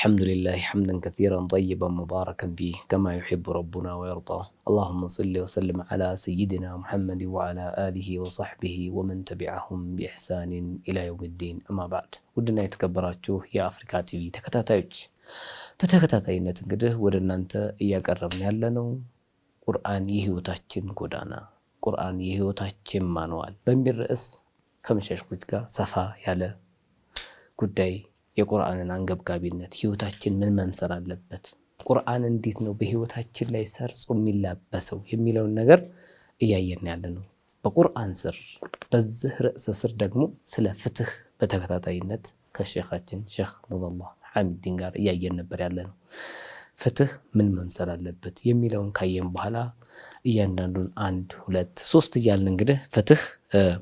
الحمد لله حمدا كثيرا طيبا مباركا فيه كما يحب ربنا ويرضى اللهم صل وسلم على سيدنا محمد وعلى آله وصحبه ومن تبعهم بإحسان إلى يوم الدين أما بعد ودنا يتكبرات يا أفريكا تيوي تكتاتا يوج بتكتاتا ينتقده ودنا أنت إيا قربنا لنو قرآن يهيو تحجن قدانا قرآن يهيو تحجن مانوال بمبر رئيس كمشاش قدقا صفا يالا قدائي የቁርአንን አንገብጋቢነት ህይወታችን ምን መምሰል አለበት፣ ቁርአን እንዴት ነው በህይወታችን ላይ ሰርጾ የሚላበሰው የሚለውን ነገር እያየን ያለ ነው። በቁርአን ስር በዚህ ርዕሰ ስር ደግሞ ስለ ፍትህ በተከታታይነት ከሼኻችን ሼክ ሙበላህ ሐሚዲን ጋር እያየን ነበር ያለ ነው። ፍትህ ምን መምሰል አለበት የሚለውን ካየን በኋላ እያንዳንዱን አንድ ሁለት ሶስት እያልን እንግዲህ ፍትህ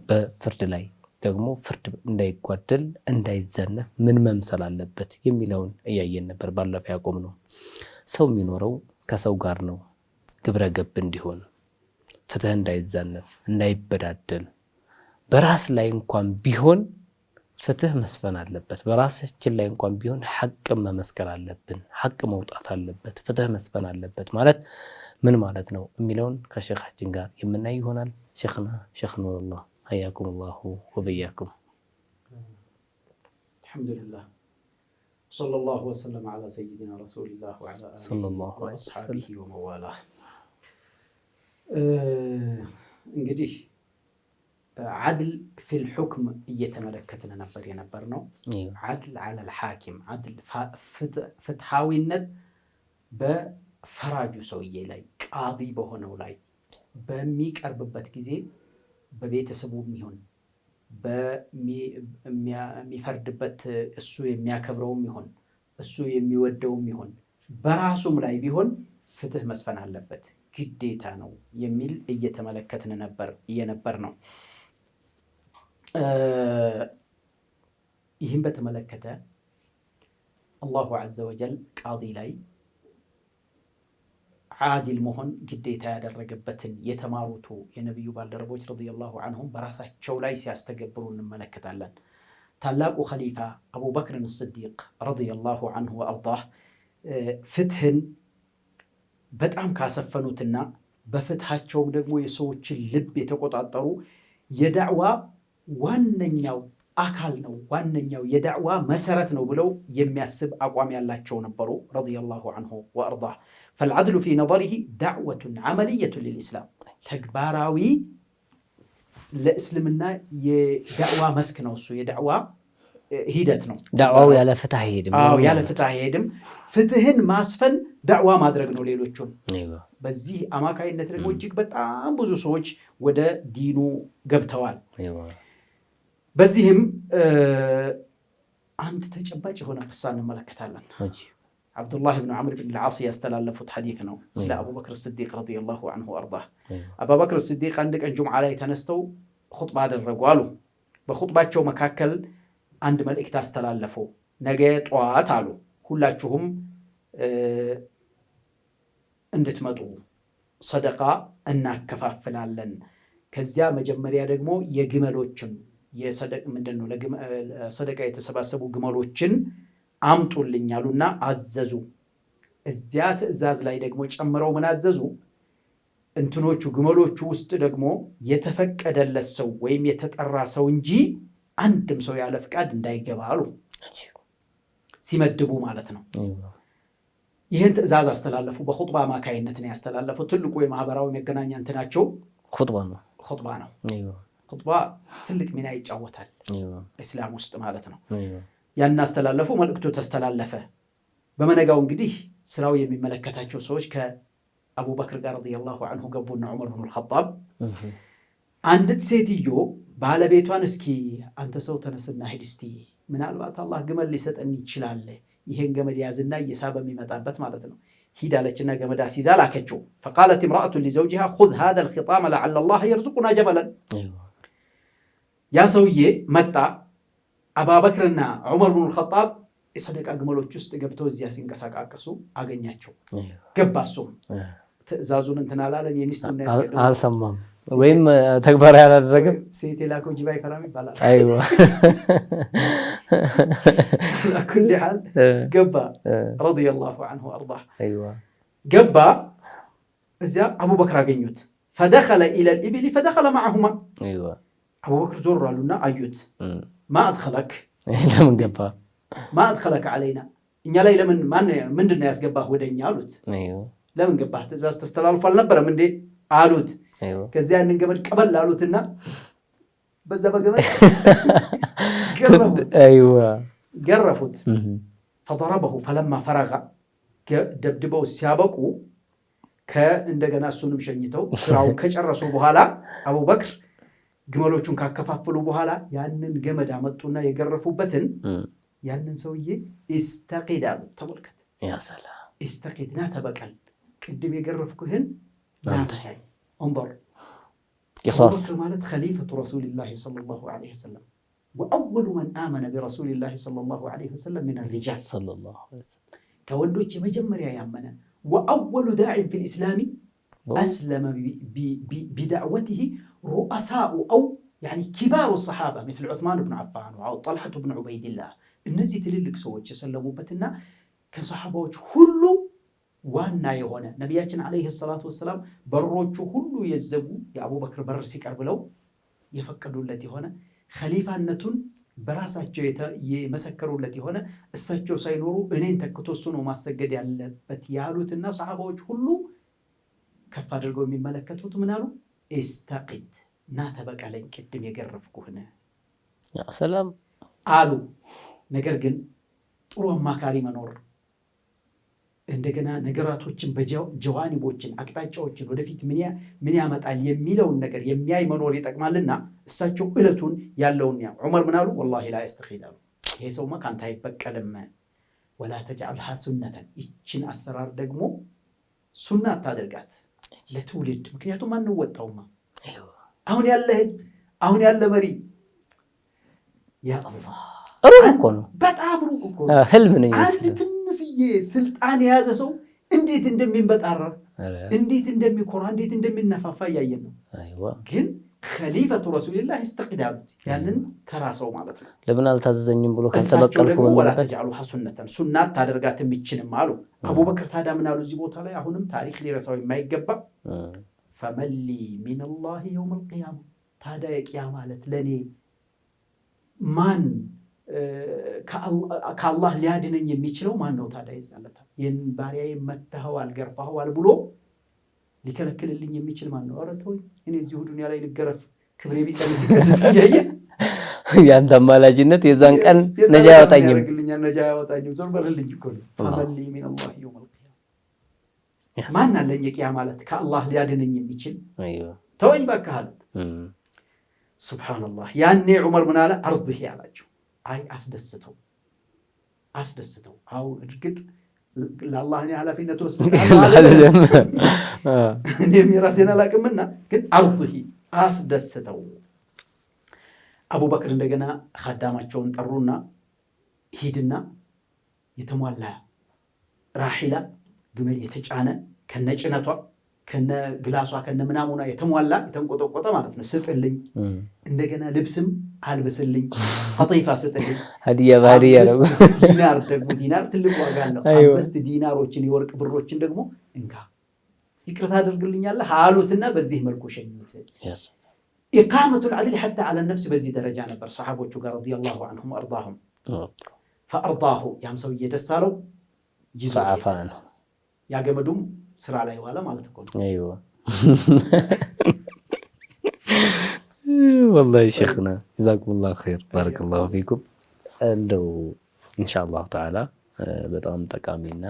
በፍርድ ላይ ደግሞ ፍርድ እንዳይጓደል እንዳይዘነፍ ምን መምሰል አለበት የሚለውን እያየን ነበር። ባለፈው ያቆም ነው ሰው የሚኖረው ከሰው ጋር ነው። ግብረ ገብ እንዲሆን ፍትህ እንዳይዛነፍ እንዳይበዳደል፣ በራስ ላይ እንኳን ቢሆን ፍትህ መስፈን አለበት። በራሳችን ላይ እንኳን ቢሆን ሐቅን መመስከር አለብን። ሐቅ መውጣት አለበት። ፍትህ መስፈን አለበት ማለት ምን ማለት ነው የሚለውን ከሼኻችን ጋር የምናይ ይሆናል። ሼኽና ሼኽ ኑርላህ حياكم الله وبياكم الحمد لله صلى الله وسلم على سيدنا رسول الله وعلى آله صلى الله عليه وسلم وموالاه آه، እንግዲህ ዓድል ፊል ሑክም እየተመለከትን ነበር የነበር ነው። ዓድል አለል ሐኪም ዓድል ፍትሐዊነት በፈራጁ ሰውዬ ላይ ቃዲ በሆነው ላይ በሚቀርብበት ጊዜ በቤተሰቡ የሚሆን በሚፈርድበት እሱ የሚያከብረውም ይሆን እሱ የሚወደውም ይሆን በራሱም ላይ ቢሆን ፍትህ መስፈን አለበት፣ ግዴታ ነው የሚል እየተመለከትን ነበር እየነበር ነው። ይህም በተመለከተ አላሁ ዐዘ ወጀል ቃዲ ላይ አዲል መሆን ግዴታ ያደረገበትን የተማሩቱ የነቢዩ ባልደረቦች ረዲየላሁ አንሁም በራሳቸው ላይ ሲያስተገብሩ እንመለከታለን። ታላቁ ኸሊፋ አቡበክርን ስዲቅ ረዲየላሁ አንሁ ወአርዳህ ፍትህን በጣም ካሰፈኑትና በፍትሃቸውም ደግሞ የሰዎችን ልብ የተቆጣጠሩ የዳዕዋ ዋነኛው አካል ነው፣ ዋነኛው የዳዕዋ መሰረት ነው ብለው የሚያስብ አቋም ያላቸው ነበሩ ረዲየላሁ አንሁ ወአርዳህ ፈልዓድሉ ፊ ነظሪሂ ዳዕወቱን ዓመልየቱን ልልእስላም ተግባራዊ ለእስልምና የዳዕዋ መስክ ነው። እሱ የዳዕዋ ሂደት ነው። ዳዕዋው ያለ ፍትህ አይሄድም፣ ያለ ፍትህ አይሄድም። ፍትህን ማስፈን ዳዕዋ ማድረግ ነው ሌሎቹም በዚህ አማካይነት ደግሞ እጅግ በጣም ብዙ ሰዎች ወደ ዲኑ ገብተዋል። በዚህም አንድ ተጨባጭ የሆነ ክሳ እንመለከታለን። አብዱላህ ብን ዐምር ብን ልዓስ ያስተላለፉት ሐዲት ነው ስለ አቡበክር ስዲቅ ረዲየላሁ አንሁ አርዳ። አቡበክር ስዲቅ አንድ ቀን ጁምዓ ላይ ተነስተው ኹጥባ አደረጉ አሉ። በኹጥባቸው መካከል አንድ መልእክት አስተላለፉ። ነገ ጠዋት አሉ ሁላችሁም እንድትመጡ ሰደቃ እናከፋፍላለን። ከዚያ መጀመሪያ ደግሞ የግመሎችን ሰደቃ የተሰባሰቡ ግመሎችን አምጡልኝ አሉና አዘዙ። እዚያ ትእዛዝ ላይ ደግሞ ጨምረው ምን አዘዙ? እንትኖቹ ግመሎቹ ውስጥ ደግሞ የተፈቀደለት ሰው ወይም የተጠራ ሰው እንጂ አንድም ሰው ያለ ፍቃድ እንዳይገባ አሉ። ሲመድቡ ማለት ነው። ይህን ትእዛዝ አስተላለፉ። በኹጥባ አማካይነት ነው ያስተላለፉት። ትልቁ የማህበራዊ መገናኛ እንትናቸው ኹጥባ ነው። ኹጥባ ትልቅ ሚና ይጫወታል እስላም ውስጥ ማለት ነው። ያናስተላለፉ መልእክቱ ተስተላለፈ። በመነጋው እንግዲህ ስራው የሚመለከታቸው ሰዎች ከአቡበክር ጋር ረዲየላሁ አንሁ ገቡና ዑመር ብኑ ልኸጣብ አንዲት ሴትዮ ባለቤቷን እስኪ አንተ ሰው ተነስና ሂድ እስቲ ምናልባት አላህ ግመል ሊሰጠን ይችላል፣ ይሄን ገመድ ያዝና እየሳበ የሚመጣበት ማለት ነው። ሂድ አለችና ገመድ አስይዛ ላከችው። ፈቃለት እምራአቱ ሊዘውጅሃ ኹዝ ሃዛ ልኺጣመ ለዓለ አላህ የርዙቁና ጀበለን ያ ሰውዬ መጣ አባበክርና ዑመር ብኑ ልከጣብ የሰደቃ ግመሎች ውስጥ ገብተው እዚያ ሲንቀሳቃቀሱ አገኛቸው። ገባ እሱም ትዕዛዙን እንትን አላለም። የሚስቱን አልሰማም ወይም ተግባራዊ አላደረገም። ሴት የላከው ጅባ ይፈራም ይባላል። ኩል ል ገባ ረዲየላሁ አንሁ አርዳ ገባ። እዚያ አቡበክር አገኙት። ፈደኸለ ኢለል ኢብሊ ፈደኸለ ማዕሁማ አቡበክር ዞር አሉና አዩት ማአድኸለክ ለምን ገባ ማአድኸለክ ዓለይና እኛ ላይ ለምን ምንድን ነው ያስገባህ ወደ እኛ አሉት። ለምን ገባህ ትእዛዝ ተስተላልፎ አልነበረም እንዴ አሉት። ከዚያ ያንን ገመድ ቀበል አሉትና በዛ በገመድ ገረፉት። ፈጠረበሁ ፈለማ ፈረጋ ደብድበው ሲያበቁ ከእንደገና እሱንም ሸኝተው ስራው ከጨረሱ በኋላ አቡበክር ግመሎቹን ካከፋፈሉ በኋላ ያንን ገመድ አመጡና የገረፉበትን ያንን ሰውዬ يا አሉት። ተመልከት፣ ኢስተቂድ ና ተበቀል፣ ቅድም የገረፍኩህን ናታይ انظر قصاص مالت خليفة رسول الله صلى الله عليه وسلم وأول من آمن برسول الله صلى الله عليه وسلم من الرجال صلى الله عليه وسلم كوندوش مجمر يا يامنا وأول داع في الإسلام አስለመ ቢዳዕወትህ ሩአሳኡ አው ኪባሩ ሰሓባ ምስል ዑትማን ብን ዓፋን ጠልሐቱ ብን ዑበይድላህ እነዚህ ትልልቅ ሰዎች የሰለሙበትና ከሰሓባዎች ሁሉ ዋና የሆነ ነቢያችን ዓለይሂ ሰላቱ ወሰላም በሮቹ ሁሉ የዘጉ የአቡበክር በር ሲቀር ብለው የፈቀዱለት የሆነ ከሊፋነቱን በራሳቸው የመሰከሩለት የሆነ እሳቸው ሳይኖሩ እኔን ተክቶ እሱ ነው ማሰገድ ያለበት ያሉትና ሰሓባዎች ሁሉ ከፍ አድርገው የሚመለከቱት ምን አሉ? ኢስተቂት ና ተበቀለኝ፣ ቅድም የገረፍኩህን ሰላም አሉ። ነገር ግን ጥሩ አማካሪ መኖር እንደገና ነገራቶችን በጀዋኒቦችን አቅጣጫዎችን ወደፊት ምን ያመጣል የሚለውን ነገር የሚያይ መኖር ይጠቅማልና እሳቸው እለቱን ያለውን ያ ዑመር ምን አሉ? ወላሂ ላ የስተኺት አሉ። ይሄ ሰው ከአንተ አይበቀልም። ወላ ተጃልሃ ሱነተን ይችን አሰራር ደግሞ ሱና አታደርጋት። ለትውልድ ምክንያቱም አንወጣውማ። አሁን ያለ ህዝብ፣ አሁን ያለ መሪ ያ ሩቅ እኮ ነው፣ በጣም ሩቅ እኮ ህልም ነው። አንድ ትንሽዬ ስልጣን የያዘ ሰው እንዴት እንደሚንበጣራ፣ እንዴት እንደሚኮራ፣ እንዴት እንደሚነፋፋ እያየን ነው ግን ከሊፈቱ ረሱልላህ ስተቅዳም ያንን ተራ ሰው ማለት ነው። ለምን አልታዘዘኝም ብሎ ካልተበቀልኩ ወላተጃሉ ሱነተን ሱናት ታደርጋት የሚችልም አሉ። አቡበክር ታዲያ ምን አሉ? እዚህ ቦታ ላይ አሁንም ታሪክ ሊረሳው የማይገባ ፈመሊ ሚንላህ የውም ልቅያማ ታዲያ የቅያማ ማለት ለእኔ ማን ከአላህ ሊያድነኝ የሚችለው ማን ነው? ታዲያ ይዛለታል ይህን ባሪያዬ መታኸዋል፣ ገርፋኸዋል ብሎ ሊከለክልልኝ የሚችል ማን ነው? ኧረ ተወኝ፣ እኔ እዚሁ ዱኒያ ላይ ልገረፍ፣ ክብሬ ቢቀንስ ቀንስ እያየ ያንተ አማላጅነት የዛን ቀን ነጃ ያወጣኝም ነጃ ያወጣኝም ዞር በልልኝ እኮ ነው። ፈመሊ ማን አለኝ የቂያ ማለት ከአላህ ሊያድነኝ የሚችል ተወኝ በካሃለት አሉት። ሱብሓነላህ ያኔ ዑመር ምን አለ? አርድህ አላቸው። አይ አስደስተው አስደስተው አሁን እርግጥ ለአላህ እኔ ኃላፊነት ወስድእኔም የራሴን አላቅምና ግን አርضሂ አስደስተው። አቡበክር እንደገና ካዳማቸውን ጠሩና ሂድና የተሟላ ራሒላ ግመል የተጫነ ከነጭነቷ ከነ ግላሷ ከነ ምናሙና የተሟላ የተንቆጠቆጠ ማለት ነው። ስጥልኝ፣ እንደገና ልብስም አልብስልኝ፣ ሀጢፋ ስጥልኝ። ሀዲያ ባህሪ ዲናር ደግሞ ዲናር ትልቅ ዋጋ ነው። አምስት ዲናሮችን የወርቅ ብሮችን ደግሞ እንካ ይቅርታ አድርግልኛለህ አሉትና በዚህ መልኩ ሸኙት። ኢቃመቱል ዐድል ሐታ ዐለ ነፍስ በዚህ ደረጃ ነበር ሰሓቦቹ ጋር ረዲየላሁ ዐንሁም አርዳሁም። ፈአርዳሁ ያም ሰውዬ ደስ አለው ይዞ ያገመዱም ስራ ላይ ዋለ ማለት እኮ ወላሂ ሼክና ጀዛኩሙላሁ ኸይር ባረከላሁ ፊኩም። እንደው ኢንሻአላህ ተዓላ በጣም ጠቃሚና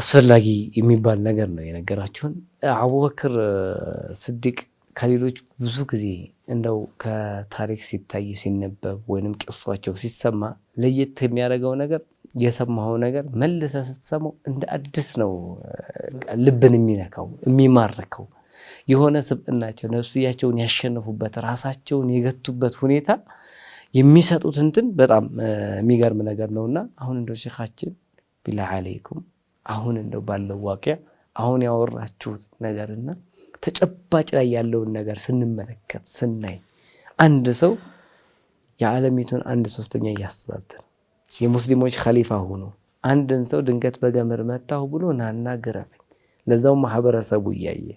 አስፈላጊ የሚባል ነገር ነው የነገራችሁን። አቡበክር ስዲቅ ከሌሎች ብዙ ጊዜ እንደው ከታሪክ ሲታይ ሲነበብ ወይንም ቅሷቸው ሲሰማ ለየት የሚያደርገው ነገር የሰማው ነገር መልሰ ስትሰማው እንደ አዲስ ነው ልብን የሚነካው የሚማርከው የሆነ ስብዕናቸው ነፍስያቸውን ያሸነፉበት ራሳቸውን የገቱበት ሁኔታ የሚሰጡት እንትን በጣም የሚገርም ነገር ነውና አሁን እንደው ሼካችን ቢላ አለይኩም አሁን እንደው ባለው ዋቅያ አሁን ያወራችሁት ነገርና ተጨባጭ ላይ ያለውን ነገር ስንመለከት ስናይ አንድ ሰው የዓለሚቱን አንድ ሶስተኛ እያስተዳደረ የሙስሊሞች ኸሊፋ ሆኖ አንድን ሰው ድንገት በገመድ መታሁ ብሎ ናና ግረፈኝ፣ ለዛው ማህበረሰቡ እያየ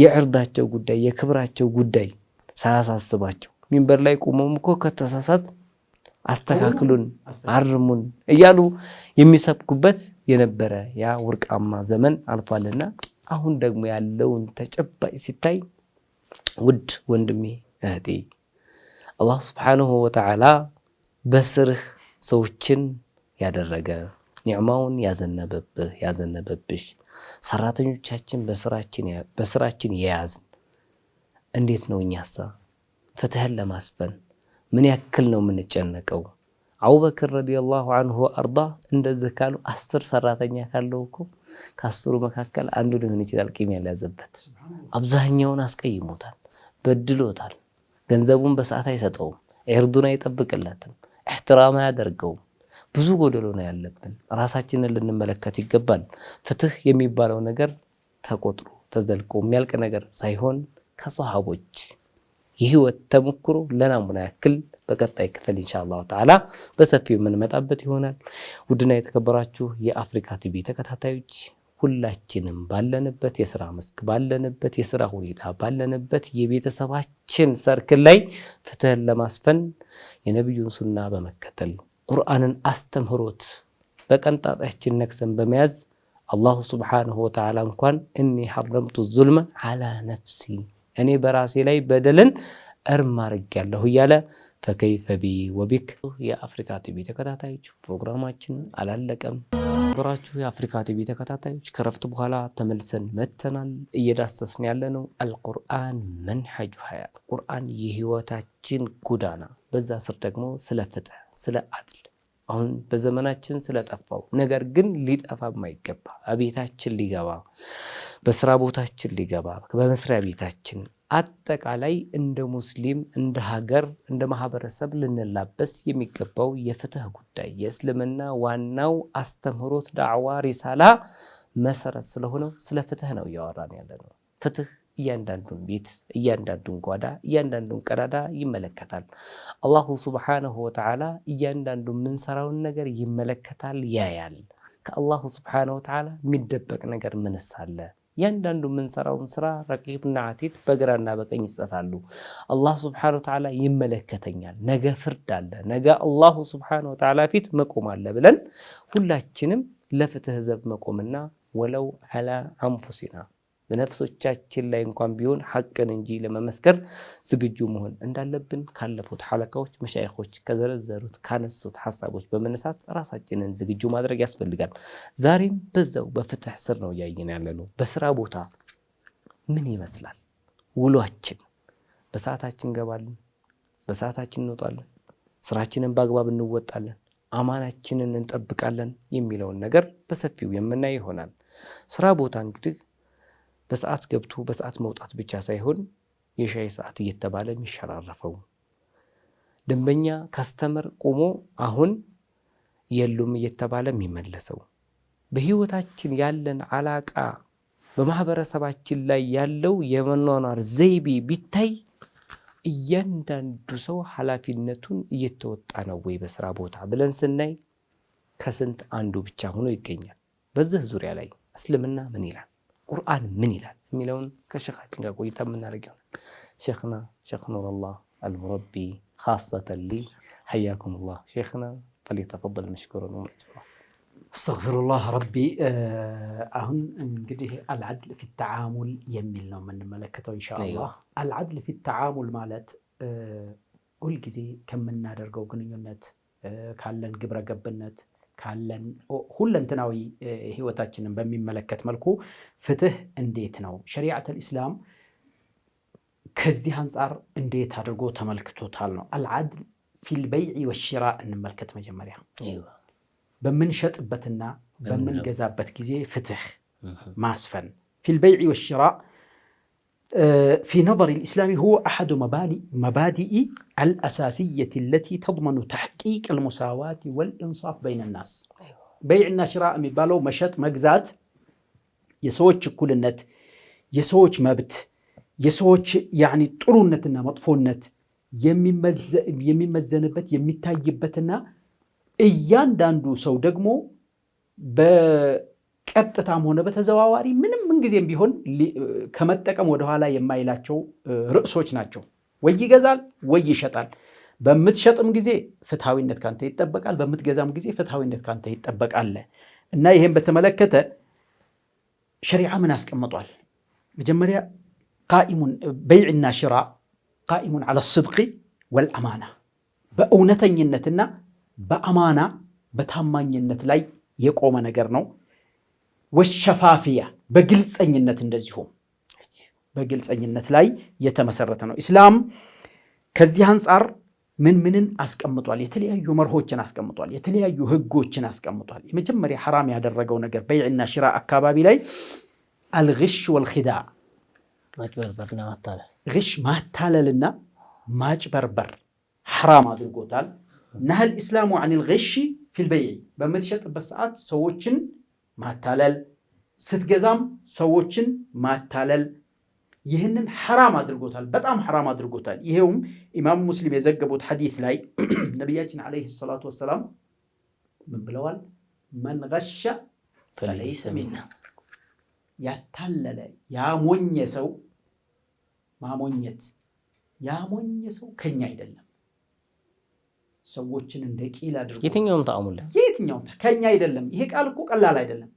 የዕርዳቸው ጉዳይ የክብራቸው ጉዳይ ሳያሳስባቸው ሚንበር ላይ ቁመውም እኮ ከተሳሳት አስተካክሉን አርሙን እያሉ የሚሰብኩበት የነበረ ያ ወርቃማ ዘመን አልፏልና አሁን ደግሞ ያለውን ተጨባጭ ሲታይ ውድ ወንድሜ እህቴ አላህ ስብሓንሁ ወተዓላ በስርህ ሰዎችን ያደረገ ኒዕማውን ያዘነበብህ ያዘነበብሽ ሰራተኞቻችን በስራችን የያዝን እንዴት ነው? እኛሳ ፍትህን ለማስፈን ምን ያክል ነው የምንጨነቀው? አቡበክር ረዲየላሁ አንሁ አርዳ እንደዚህ ካሉ አስር ሰራተኛ ካለው እኮ ከአስሩ መካከል አንዱ ሊሆን ይችላል ቂም ያልያዘበት። አብዛኛውን አስቀይሞታል፣ በድሎታል። ገንዘቡን በሰዓት አይሰጠውም፣ ኤርዱን አይጠብቅለትም፣ እሕትራም አያደርገውም። ብዙ ጎደሎ ነው ያለብን። ራሳችንን ልንመለከት ይገባል። ፍትህ የሚባለው ነገር ተቆጥሮ ተዘልቆ የሚያልቅ ነገር ሳይሆን ከሰሃቦች የህይወት ተሞክሮ ለናሙና ያክል በቀጣይ ክፍል ኢንሻአላሁ ተዓላ በሰፊው የምንመጣበት ይሆናል። ውድና የተከበራችሁ የአፍሪካ ቲቪ ተከታታዮች ሁላችንም ባለንበት የስራ መስክ ባለንበት የስራ ሁኔታ ባለንበት የቤተሰባችን ሰርክል ላይ ፍትህን ለማስፈን የነቢዩን ሱና በመከተል ቁርአንን አስተምህሮት በቀንጣጣችን ነክሰን በመያዝ አላሁ ስብሓንሁ ወተዓላ እንኳን እኒ ሐረምቱ ዙልመ አላ ነፍሲ እኔ በራሴ ላይ በደልን እርም አድርጌያለሁ እያለ ፈከይፈ ቢ ወቢክ የአፍሪካ ቲቪ ተከታታዮች ፕሮግራማችን አላለቀም። አብራችሁ የአፍሪካ ቲቪ ተከታታዮች ከረፍት በኋላ ተመልሰን መተናል። እየዳሰስን ያለነው አልቁርአን መንሐጁ ሀያት ቁርአን የህይወታችን ጎዳና፣ በዛ ስር ደግሞ ስለ ፍትህ፣ ስለ አድል አሁን በዘመናችን ስለጠፋው ነገር ግን ሊጠፋ የማይገባ አቤታችን ሊገባ በስራ ቦታችን ሊገባ በመስሪያ ቤታችን አጠቃላይ እንደ ሙስሊም እንደ ሀገር እንደ ማህበረሰብ ልንላበስ የሚገባው የፍትህ ጉዳይ የእስልምና ዋናው አስተምህሮት ዳዕዋ ሪሳላ መሰረት ስለሆነው ስለ ፍትህ ነው እያወራን ያለ ነው። ፍትህ እያንዳንዱን ቤት፣ እያንዳንዱን ጓዳ፣ እያንዳንዱን ቀዳዳ ይመለከታል። አላሁ ስብሓነሁ ወተዓላ እያንዳንዱ የምንሰራውን ነገር ይመለከታል፣ ያያል። ከአላሁ ስብሓነሁ ወተዓላ የሚደበቅ ነገር ምንስ አለ? እያንዳንዱ የምንሰራውን ስራ ረቂብና አቲድ በግራና በቀኝ ይጸታሉ። አላህ ስብሓነሁ ወተዓላ ይመለከተኛል፣ ነገ ፍርድ አለ፣ ነገ አላሁ ስብሓነሁ ወተዓላ ፊት መቆም አለ ብለን ሁላችንም ለፍትህ ዘብ መቆምና ወለው ዓላ አንፉሲና በነፍሶቻችን ላይ እንኳን ቢሆን ሐቅን እንጂ ለመመስከር ዝግጁ መሆን እንዳለብን ካለፉት ሐለቃዎች መሻይኾች ከዘረዘሩት ካነሱት ሐሳቦች በመነሳት ራሳችንን ዝግጁ ማድረግ ያስፈልጋል። ዛሬም በዛው በፍትህ ስር ነው እያየን ያለነው። በስራ ቦታ ምን ይመስላል ውሏችን? በሰዓታችን እንገባለን፣ በሰዓታችን እንወጣለን፣ ስራችንን በአግባብ እንወጣለን፣ አማናችንን እንጠብቃለን የሚለውን ነገር በሰፊው የምናይ ይሆናል። ስራ ቦታ እንግዲህ በሰዓት ገብቶ በሰዓት መውጣት ብቻ ሳይሆን የሻይ ሰዓት እየተባለ የሚሸራረፈው ደንበኛ ካስተመር ቆሞ አሁን የሉም እየተባለ የሚመለሰው በህይወታችን ያለን አላቃ በማህበረሰባችን ላይ ያለው የመኗኗር ዘይቤ ቢታይ እያንዳንዱ ሰው ኃላፊነቱን እየተወጣ ነው ወይ በስራ ቦታ ብለን ስናይ ከስንት አንዱ ብቻ ሆኖ ይገኛል። በዚህ ዙሪያ ላይ እስልምና ምን ይላል? ቁርአን ምን ይላል የሚለውን ከሸኻችን ጋር ቆይታ የምናደርግ ይሆናል። ሸክና ሸክ ኑረላህ አልሙረቢ ካሰተን ሊ ሐያኩሙላህ ሼክና ፈሊተፈደል መሽኩረን። አስተግፊሩላህ ረቢ። አሁን እንግዲህ አልዓድል ፊ ተዓሙል የሚል ነው የምንመለከተው ኢንሻአላህ። አልዓድል ፊ ተዓሙል ማለት ሁልጊዜ ከምናደርገው ግንኙነት ካለን ግብረ ገብነት ካለን ሁለንትናዊ ህይወታችንን በሚመለከት መልኩ ፍትህ እንዴት ነው ሸሪዓተል ኢስላም ከዚህ አንጻር እንዴት አድርጎ ተመልክቶታል ነው። አልዓድል ፊል በይዕ ወሽራ እንመልከት። መጀመሪያ በምንሸጥበትና በምንገዛበት ጊዜ ፍትህ ማስፈን ፊል በይዕ ወሽራ آه، في نظر الإسلام هو أحد مبادئ الأساسية التي تضمن تحقيق المساواة والإنصاف بين الناس أيوه. بيعنا شراء مبالو مشت مجزات يسوتش كل النت يسوتش مبت يسوتش يعني طرونة النا مطفون النت يمي مزنبت يمي تايبت النا إيان داندو سودقمو بكتة عمونا بتزواواري منم ጊዜም ቢሆን ከመጠቀም ወደኋላ የማይላቸው ርዕሶች ናቸው። ወይ ይገዛል ወይ ይሸጣል። በምትሸጥም ጊዜ ፍትሐዊነት ካንተ ይጠበቃል፣ በምትገዛም ጊዜ ፍትሐዊነት ካንተ ይጠበቃል። እና ይሄን በተመለከተ ሸሪዓ ምን አስቀምጧል? መጀመሪያ ቃኢሙን በይዕና ሽራ ቃኢሙን አለ ስድቂ ወልአማና በእውነተኝነትና በአማና በታማኝነት ላይ የቆመ ነገር ነው። ወሸፋፊያ በግልፀኝነት እንደዚሁም በግልፀኝነት ላይ የተመሰረተ ነው። ኢስላም ከዚህ አንጻር ምን ምንን አስቀምጧል? የተለያዩ መርሆችን አስቀምጧል። የተለያዩ ህጎችን አስቀምጧል። የመጀመሪያ ሐራም ያደረገው ነገር በይዕና ሽራ አካባቢ ላይ አልግሽ ወልኪዳ ግሽ ማታለልና ማጭበርበር ሐራም አድርጎታል። ነሀል ኢስላሙ አን ልግሽ ፊልበይዕ በምትሸጥበት ሰዓት ሰዎችን ማታለል ስትገዛም ሰዎችን ማታለል ይህንን ሐራም አድርጎታል፣ በጣም ሐራም አድርጎታል። ይሄውም ኢማም ሙስሊም የዘገቡት ሐዲት ላይ ነቢያችን ዓለይሂ ሰላቱ ወሰላም ምን ብለዋል? መን ገሸ ፈለይሰ ሚና። ያታለለ ያሞኘ ሰው ማሞኘት ያሞኘ ሰው ከኛ አይደለም። ሰዎችን እንደ ቂል አድርጎ የትኛውም ተአሙለ የትኛውም ከኛ አይደለም። ይሄ ቃል እኮ ቀላል አይደለም።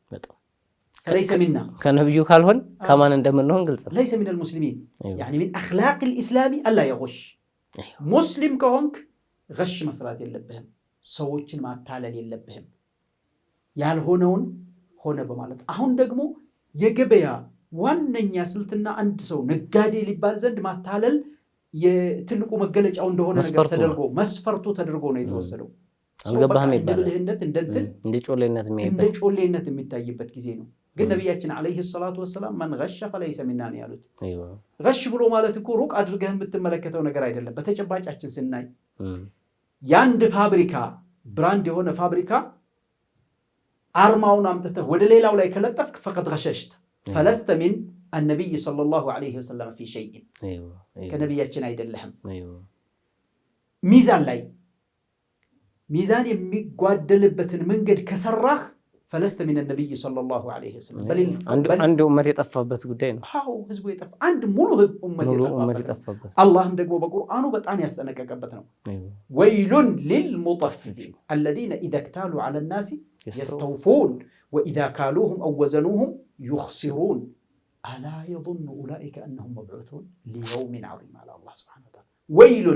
ከነብዩ ካልሆን ከማን እንደምንሆን ግልጽ ነው። ለይሰ ሚነል ሙስሊሚን ሚን አኽላቂል ኢስላሚ አላ የሽ ሙስሊም ከሆንክ ሽ መስራት የለብህም፣ ሰዎችን ማታለል የለብህም። ያልሆነውን ሆነ በማለት አሁን ደግሞ የገበያ ዋነኛ ስልትና አንድ ሰው ነጋዴ ሊባል ዘንድ ማታለል የትልቁ መገለጫው እንደሆነ ነገር ተደርጎ መስፈርቱ ተደርጎ ነው የተወሰደው። አልገባህም ይባላል። እንደ ብልህነት እንደ ጮሌነት የሚታይበት ጊዜ ነው። ግን ነቢያችን ዓለይሂ ሰላቱ ወሰላም መን ገሸ ፈለይሰ ሚና ነው ያሉት። ገሽ ብሎ ማለት እኮ ሩቅ አድርገህ የምትመለከተው ነገር አይደለም። በተጨባጫችን ስናይ የአንድ ፋብሪካ ብራንድ የሆነ ፋብሪካ አርማውን አምጥተህ ወደ ሌላው ላይ ከለጠፍክ ፈቀድ ገሸሽት ፈለስተ ሚን አነቢይ ሰለላሁ ዓለይሂ ወሰለም ፊ ሸይን ከነቢያችን አይደለህም። ሚዛን ላይ ሚዛን የሚጓደልበትን መንገድ ከሰራህ فلست من النبي صلى الله عليه وسلم إيه. بل عنده عنده امتي طفبت قدين هاو حزبه يطف عند ملو امتي طفبت الله عندك مو بقرانه بطان يستنككبت نو ويل للمطففين الذين اذا اكتالوا على الناس يستوفون واذا كالوهم او وزنوهم يخسرون الا يظن اولئك انهم مبعوثون ليوم عظيم على الله سبحانه وتعالى ويل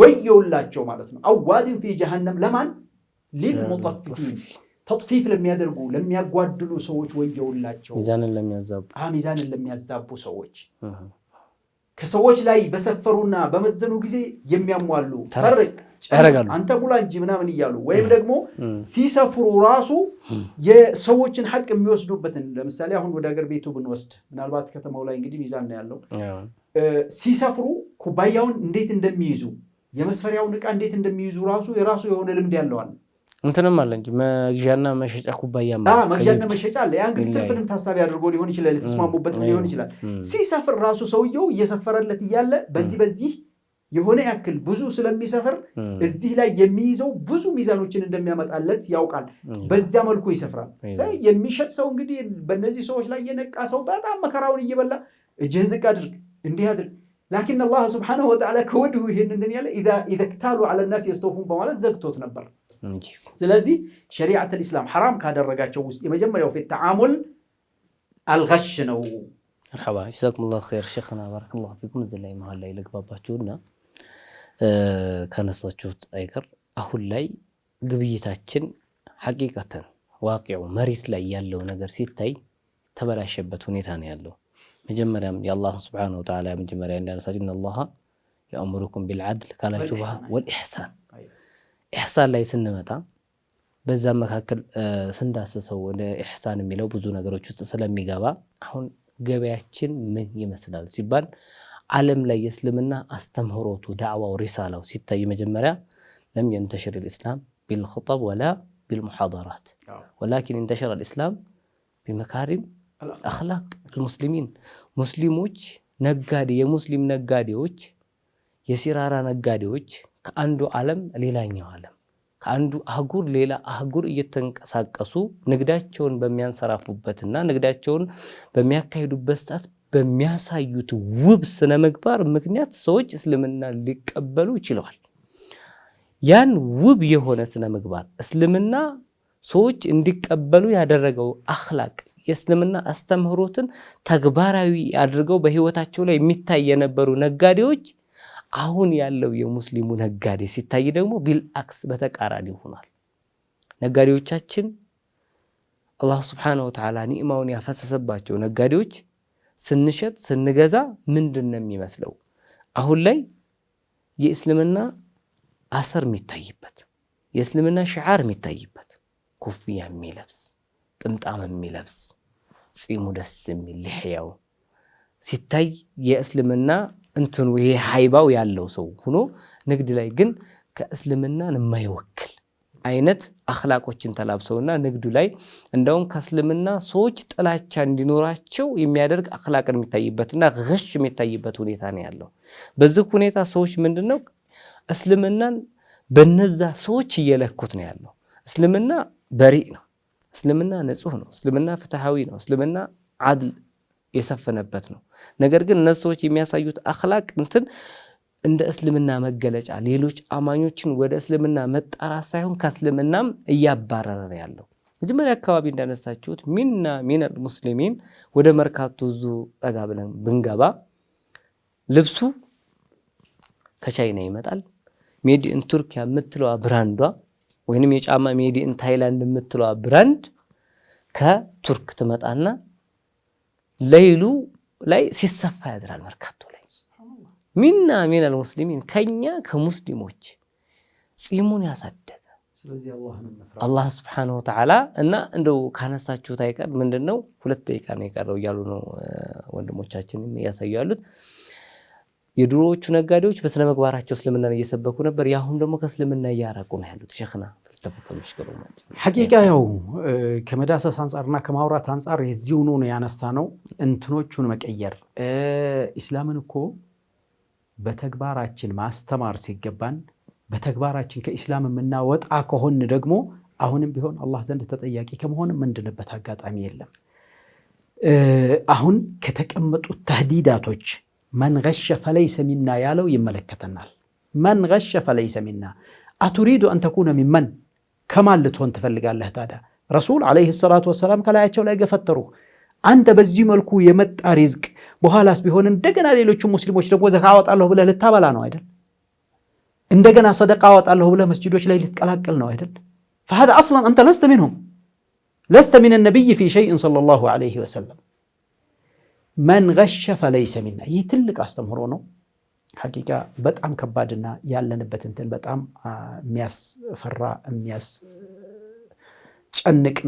ويل لاجو معناته او واد في جهنم لمن للمطففين ተጥፊፍ ለሚያደርጉ ለሚያጓድሉ ሰዎች ወየውላቸው። ሚዛንን ለሚያዛቡ ሚዛንን ለሚያዛቡ ሰዎች ከሰዎች ላይ በሰፈሩና በመዘኑ ጊዜ የሚያሟሉ ያደርጋሉ። አንተ ሙላ እንጂ ምናምን እያሉ ወይም ደግሞ ሲሰፍሩ ራሱ የሰዎችን ሀቅ የሚወስዱበትን ለምሳሌ አሁን ወደ ሀገር ቤቱ ብንወስድ ምናልባት ከተማው ላይ እንግዲህ ሚዛን ነው ያለው። ሲሰፍሩ ኩባያውን እንዴት እንደሚይዙ የመስፈሪያውን እቃ እንዴት እንደሚይዙ ራሱ የራሱ የሆነ ልምድ ያለዋል። እንትንም አለ እንጂ መግዣና መሸጫ ኩባያ መግዣና መሸጫ አለ። ያ እንግዲህ ትርፍንም ታሳቢ አድርጎ ሊሆን ይችላል፣ የተስማሙበት ሊሆን ይችላል። ሲሰፍር ራሱ ሰውየው እየሰፈረለት እያለ በዚህ በዚህ የሆነ ያክል ብዙ ስለሚሰፍር እዚህ ላይ የሚይዘው ብዙ ሚዛኖችን እንደሚያመጣለት ያውቃል። በዚያ መልኩ ይሰፍራል። የሚሸጥ ሰው እንግዲህ በእነዚህ ሰዎች ላይ የነቃ ሰው በጣም መከራውን እየበላ እጅህን ዝቅ አድርግ እንዲህ አድርግ ላኪን አላህ ስብሓነሁ ወተዓላ ከወዲሁ ይህንን ያለ ኢዘክታሉ ዐለ ናስ የስተውፉን በማለት ዘግቶት ነበር። ስለዚህ ሸሪዓተል ኢስላም ሐራም ካደረጋቸው ውስጥ የመጀመሪያው ፊት ተዓሙል አልገሽ ነው። መርሐባ ጀዛኩሙላሁ ኸይር ሼኽና ባረከላሁ ፊኩም። እዚህ ላይ መሀል ላይ ልግባባችሁና ከነሳችሁት አይቀር አሁን ላይ ግብይታችን ሐቂቀተን ዋቂዑ መሬት ላይ ያለው ነገር ሲታይ ተበላሸበት ሁኔታ ነው ያለው መጀመሪያም የአላህ ስብሓን ወተዓላ መጀመሪያ እንዳነሳችሁ እናላሃ የአእምሩኩም ቢልዓድል ካላችሁ በኋላ ወልኢሕሳን ኢሕሳን ላይ ስንመጣ በዛ መካከል ስንዳስሰው ወደ ኢሕሳን የሚለው ብዙ ነገሮች ውስጥ ስለሚገባ አሁን ገበያችን ምን ይመስላል ሲባል ዓለም ላይ የእስልምና አስተምህሮቱ ዳዕዋው ሪሳላው ሲታይ መጀመሪያ ለም የንተሽር ልእስላም ቢልክጠብ ወላ ቢልሙሓደራት ወላኪን እንተሸረ ልእስላም ቢመካሪም አክላቅ አልሙስሊሚን ሙስሊሞች ነጋዴ የሙስሊም ነጋዴዎች የሲራራ ነጋዴዎች ከአንዱ ዓለም ሌላኛው ዓለም ከአንዱ አህጉር ሌላ አህጉር እየተንቀሳቀሱ ንግዳቸውን በሚያንሰራፉበትና ንግዳቸውን በሚያካሂዱበት ሰዓት በሚያሳዩት ውብ ስነ ምግባር ምክንያት ሰዎች እስልምና ሊቀበሉ ችለዋል። ያን ውብ የሆነ ስነ ምግባር እስልምና ሰዎች እንዲቀበሉ ያደረገው አክላቅ የእስልምና አስተምህሮትን ተግባራዊ አድርገው በህይወታቸው ላይ የሚታይ የነበሩ ነጋዴዎች አሁን ያለው የሙስሊሙ ነጋዴ ሲታይ ደግሞ ቢልአክስ በተቃራኒ ሆኗል። ነጋዴዎቻችን አላህ ስብሓነሁ ወተዓላ ኒዕማውን ያፈሰሰባቸው ነጋዴዎች ስንሸጥ ስንገዛ ምንድን ነው የሚመስለው? አሁን ላይ የእስልምና አሰር የሚታይበት የእስልምና ሽዓር የሚታይበት ኮፍያ የሚለብስ ጥምጣም የሚለብስ ፂሙ ደስ የሚል ልሕያው ሲታይ የእስልምና እንትኑ ይሄ ሃይባው ያለው ሰው ሆኖ ንግድ ላይ ግን ከእስልምናን የማይወክል አይነት አኽላቆችን ተላብሰውና ንግዱ ላይ እንደውም ከእስልምና ሰዎች ጥላቻ እንዲኖራቸው የሚያደርግ አኽላቅን የሚታይበትና ሽ የሚታይበት ሁኔታ ነው ያለው። በዚህ ሁኔታ ሰዎች ምንድን ነው እስልምናን በነዛ ሰዎች እየለኩት ነው ያለው። እስልምና በሪእ ነው። እስልምና ንጹህ ነው። እስልምና ፍትሃዊ ነው። እስልምና አድል የሰፈነበት ነው። ነገር ግን እነሱ ሰዎች የሚያሳዩት አክላቅ እንትን እንደ እስልምና መገለጫ ሌሎች አማኞችን ወደ እስልምና መጣራት ሳይሆን ከእስልምናም እያባረረ ነው ያለው። መጀመሪያ አካባቢ እንዳነሳችሁት ሚና ሚነል ሙስሊሚን ወደ መርካቶ ዙ ጠጋ ብለን ብንገባ ልብሱ ከቻይና ይመጣል። ሜድ ኢን ቱርኪያ የምትለዋ ብራንዷ ወይንም የጫማ ሜድ ኢን ታይላንድ የምትለዋ ብራንድ ከቱርክ ትመጣና ለይሉ ላይ ሲሰፋ ያድራል። መርካቶ ላይ ሚና ሚናል ሙስሊሚን ከኛ ከሙስሊሞች ጺሙን ያሳደገ አላህ ስብሓነሁ ወተዓላ እና እንደው ካነሳችሁት አይቀር ምንድን ነው ሁለት ደቂቃ ነው የቀረው እያሉ ነው ወንድሞቻችን እያሳዩ ያሉት። የድሮዎቹ ነጋዴዎች በስነ ምግባራቸው እስልምናን እየሰበኩ ነበር። የአሁን ደግሞ ከእስልምና እያራቁ ነው ያሉት። ሸክና ሐቂቃ ያው ከመዳሰስ አንጻርና ከማውራት አንጻር የዚህ ነው ያነሳ ነው እንትኖቹን መቀየር ኢስላምን እኮ በተግባራችን ማስተማር ሲገባን በተግባራችን ከኢስላም የምናወጣ ከሆን ደግሞ አሁንም ቢሆን አላህ ዘንድ ተጠያቂ ከመሆን ምንድንበት አጋጣሚ የለም። አሁን ከተቀመጡት ተህዲዳቶች መን ገሸ ፈለይሰ ሚና ያለው ይመለከተናል። መን ገሸ ፈለይሰ ሚና። አቱሪዱ አን ሚመን ከማን ልትሆን ትፈልጋለህ ታዲያ? ረሱል ዓለይሂ ሰላቱ ወሰላም ከላያቸው ላይ ገፈተሩ። አንተ በዚህ መልኩ የመጣ ሪዝቅ በኋላስ ቢሆን እንደገና ሌሎቹ ሙስሊሞች ደግሞ ዘካ አወጣለሁ ብለህ ልታበላ ነው አይደል? እንደገና ሰደቃ አወጣለሁ ብለህ መስጂዶች ላይ ልትቀላቅል ነው አይደል? ፈሀዛ አስለን አንተ ለስተ ሚንሁም ለስተ ሚን ነቢይ ፊ ሸይእን ሰለላሁ ዓለይሂ ወሰለም መን ገሸ ፈለይሰ ሚና። ይህ ትልቅ አስተምህሮ ነው። ሐቂቃ በጣም ከባድና ያለንበት እንትን በጣም የሚያስፈራ የሚያስጨንቅ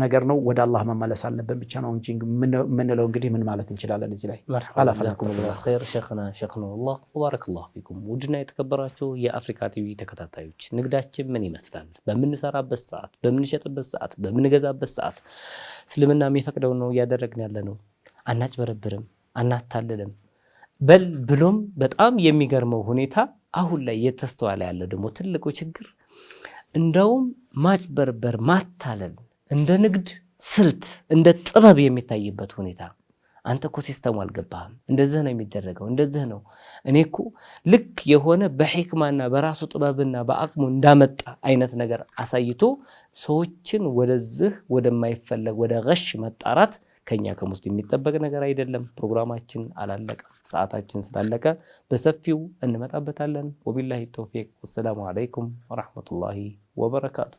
ነገር ነው። ወደ አላህ መመለስ አለብን ብቻ ነው እንጂ የምንለው እንግዲህ ምን ማለት እንችላለን? እዚህ ላይ ባረከላሁ ፊኩም። ውድና የተከበራቸው የአፍሪካ ቲቪ ተከታታዮች ንግዳችን ምን ይመስላል? በምንሰራበት ሰዓት፣ በምንሸጥበት ሰዓት፣ በምንገዛበት ሰዓት እስልምና የሚፈቅደው ነው እያደረግን ያለ ነው አናጭበረብርም፣ አናታልልም በል ብሎም በጣም የሚገርመው ሁኔታ አሁን ላይ የተስተዋለ ያለው ደግሞ ትልቁ ችግር እንደውም ማጭበርበር፣ ማታለል እንደ ንግድ ስልት እንደ ጥበብ የሚታይበት ሁኔታ አንተ እኮ ሲስተሙ አልገባህም፣ እንደዚህ ነው የሚደረገው፣ እንደዚህ ነው። እኔ እኮ ልክ የሆነ በሕክማና በራሱ ጥበብና በአቅሙ እንዳመጣ አይነት ነገር አሳይቶ ሰዎችን ወደዚህ ወደማይፈለግ ወደ ገሽ መጣራት ከኛ ከሙስሊም የሚጠበቅ ነገር አይደለም። ፕሮግራማችን አላለቀም፣ ሰዓታችን ስላለቀ በሰፊው እንመጣበታለን። ወቢላሂ ተውፊቅ። ወሰላሙ አለይኩም ወራህመቱላሂ ወበረካቱ።